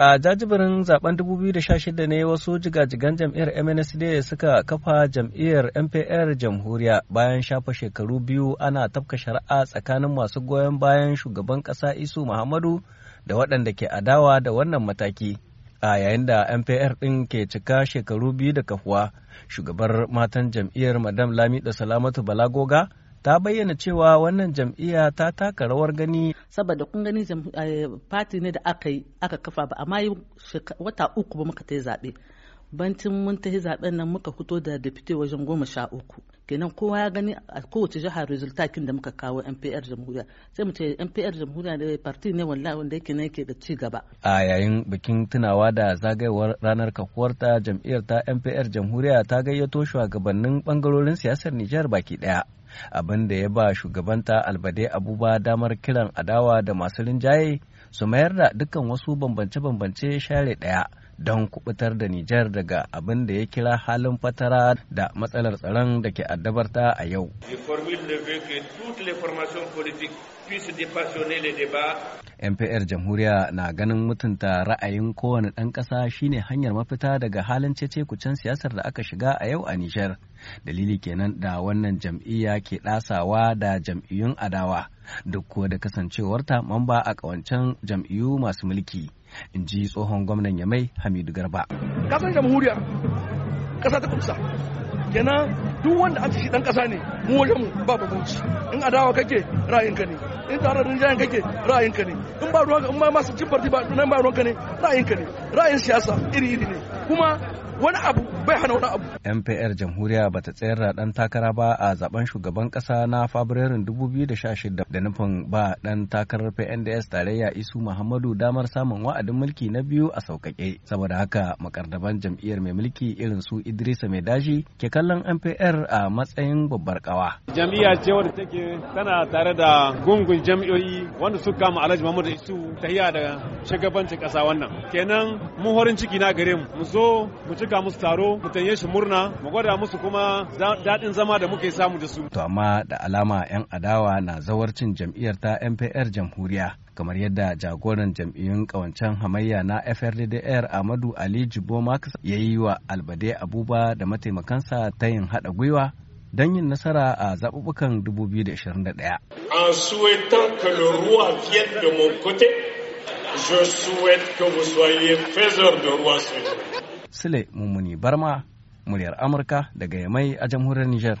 A jajibirin zaben 2016 ne wasu jigajigan jam'iyyar MNSD suka kafa jam'iyyar MPR jamhuriya bayan shafa shekaru biyu ana tafka shari'a tsakanin masu goyon bayan shugaban ƙasa Isu Muhammadu da waɗanda ke adawa da wannan mataki. A yayin da MPR ɗin ke cika shekaru biyu da kafuwa, shugabar matan jam'iyyar Madam Lami da Salamatu Balagoga ta bayyana cewa wannan jam'iyya ta taka rawar gani saboda kun gani fati eh, ne da aka yi aka kafa ba amma wata uku ba muka ta yi zaɓe bantin mun ta yi zaɓen nan muka fito da dafite wajen goma sha uku kenan kowa ya gani a kowace jihar resultakin da muka kawo npr jamhuriya sai mu ce npr jamhuriya da parti ne wallahi wanda yake ne yake da ci gaba a yayin bikin tunawa da zagayewar ranar kakuwar ta jam'iyyar ta npr jamhuriya ta gayyato shugabannin bangarorin siyasar nijar baki daya abin da ya ba shugabanta albade abuba damar kiran adawa da masu rinjaye su mayar da dukkan wasu bambance-bambance share ɗaya don kubutar da Nijar daga abin da ya kira halin fatara da matsalar tsaron da ke addabarta a yau. NPR jamhuriya na ganin mutunta ra'ayin kowane ɗan ƙasa shine hanyar mafita daga halin cece kucen siyasar da aka shiga a yau a Nijar. Dalili kenan da wannan jam'iyya ke ɗasawa da jam'iyyun adawa duk kuwa da kasancewarta mamba a ƙawancen jam'iyyu masu mulki. in ji tsohon gwamnan Yamai Hamidu Garba. Kasan jamhuriya ƙasa ta kusa kenan duk wanda an ci dan kasa ne mu waje mu ba bambanci in adawa kake ka ne in tare da jayan kake ka ne in ba ruwanka in ma masu cin ba nan ba ka ne ka ne ra'ayin siyasa iri iri ne kuma wani abu bai hana wani abu MPR jamhuriya ba ta tsayar da dan takara ba a zaben shugaban kasa na Fabrairun 2016 da nufin ba dan takarar PNDS tarayya Isu Muhammadu damar samun wa'adin mulki na biyu a sauƙaƙe saboda haka makardaban jam'iyyar mai mulki irin su Idrisa Mai ke kallon MPR jam'iyyar a matsayin babbar kawa. Jam'iyya ce wadda take tana tare da gungun jam'iyyoyi wanda suka kama Alhaji Muhammad Isu ta tahiya da shugabancin kasa wannan. Kenan mu horin ciki na gare mu mu zo mu cika musu taro mu tanye shi murna mu gwada musu kuma daɗin zama da muke samu da su. To amma da alama 'yan adawa na zawarcin jam'iyyar ta MPR jamhuriya. kamar yadda jagoran jam'iyyun kawancen hamayya na FRDDR Amadu Ali Jibo Max ya yi wa Albade Abuba da mataimakansa ta yin haɗa gwiwa don yin nasara a zaɓuɓɓukan 2021. En souhaitant que le roi vienne de mon côté, je souhaite que vous soyez faiseur de roi Sule Mummuni Barma, muryar Amurka daga Yamai a jamhuriyar Nijar.